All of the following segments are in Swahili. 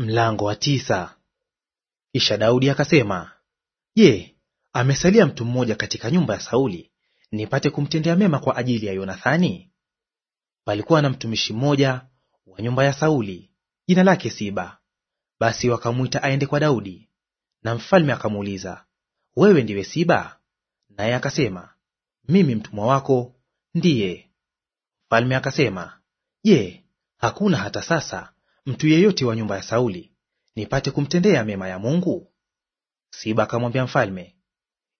Mlango wa tisa. Kisha Daudi akasema, Je, amesalia mtu mmoja katika nyumba ya Sauli nipate kumtendea mema kwa ajili ya Yonathani? Palikuwa na mtumishi mmoja wa nyumba ya Sauli, jina lake Siba. Basi wakamwita aende kwa Daudi, na mfalme akamuuliza, wewe ndiwe Siba? Naye akasema, mimi mtumwa wako ndiye. Mfalme akasema, Je, hakuna hata sasa mtu yeyote wa nyumba ya Sauli, nipate kumtendea mema ya Mungu? Siba akamwambia mfalme,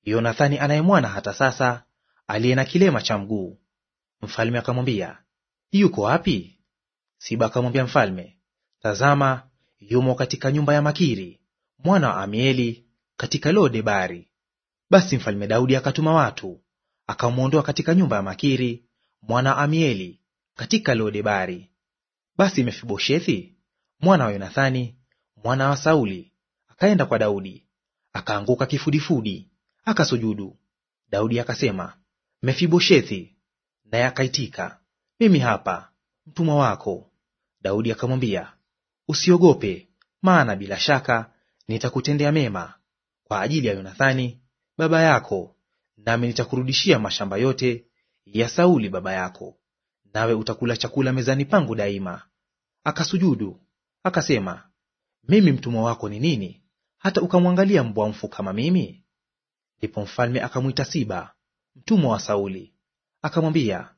Yonathani anaye mwana hata sasa, aliye na kilema cha mguu. Mfalme akamwambia, yuko wapi? Siba akamwambia mfalme, tazama, yumo katika nyumba ya Makiri mwana wa Amieli katika debari Basi mfalme Daudi akatuma watu akamwondoa katika nyumba ya Makiri mwana wa Amieli katika Lodebari. Basi Mefiboshethi mwana wa Yonathani mwana wa Sauli akaenda kwa Daudi, akaanguka kifudifudi, akasujudu. Daudi akasema, Mefiboshethi! Naye akaitika, mimi hapa, mtumwa wako. Daudi akamwambia, usiogope, maana bila shaka nitakutendea mema kwa ajili ya Yonathani baba yako, nami nitakurudishia mashamba yote ya Sauli baba yako nawe utakula chakula mezani pangu daima. Akasujudu akasema, mimi mtumwa wako ni nini, hata ukamwangalia mbwa mfu kama mimi? Ndipo mfalme akamwita Siba mtumwa wa Sauli, akamwambia,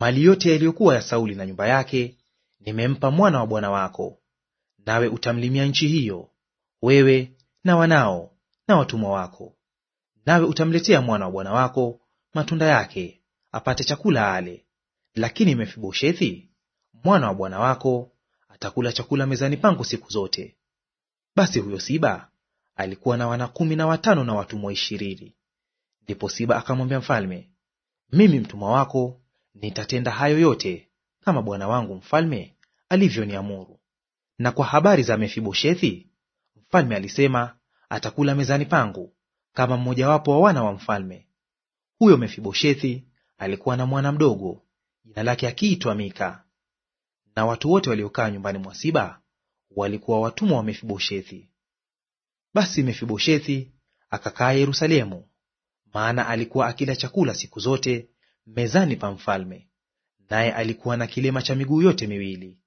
mali yote yaliyokuwa ya Sauli na nyumba yake nimempa mwana wa bwana wako, nawe utamlimia nchi hiyo, wewe na wanao na watumwa wako, nawe utamletea mwana wa bwana wako matunda yake, apate chakula ale. Lakini Mefiboshethi mwana wa bwana wako atakula chakula mezani pangu siku zote. Basi huyo Siba alikuwa na wana kumi na watano na watumwa ishirini. Ndipo Siba akamwambia mfalme, mimi mtumwa wako nitatenda hayo yote kama bwana wangu mfalme alivyoniamuru. Na kwa habari za Mefiboshethi, mfalme alisema atakula mezani pangu kama mmojawapo wa wana wa mfalme. Huyo Mefiboshethi alikuwa na mwana mdogo jina lake akiitwa Mika. Na watu wote waliokaa nyumbani mwa Siba walikuwa watumwa wa Mefiboshethi. Basi Mefiboshethi akakaa Yerusalemu, maana alikuwa akila chakula siku zote mezani pa mfalme, naye alikuwa na kilema cha miguu yote miwili.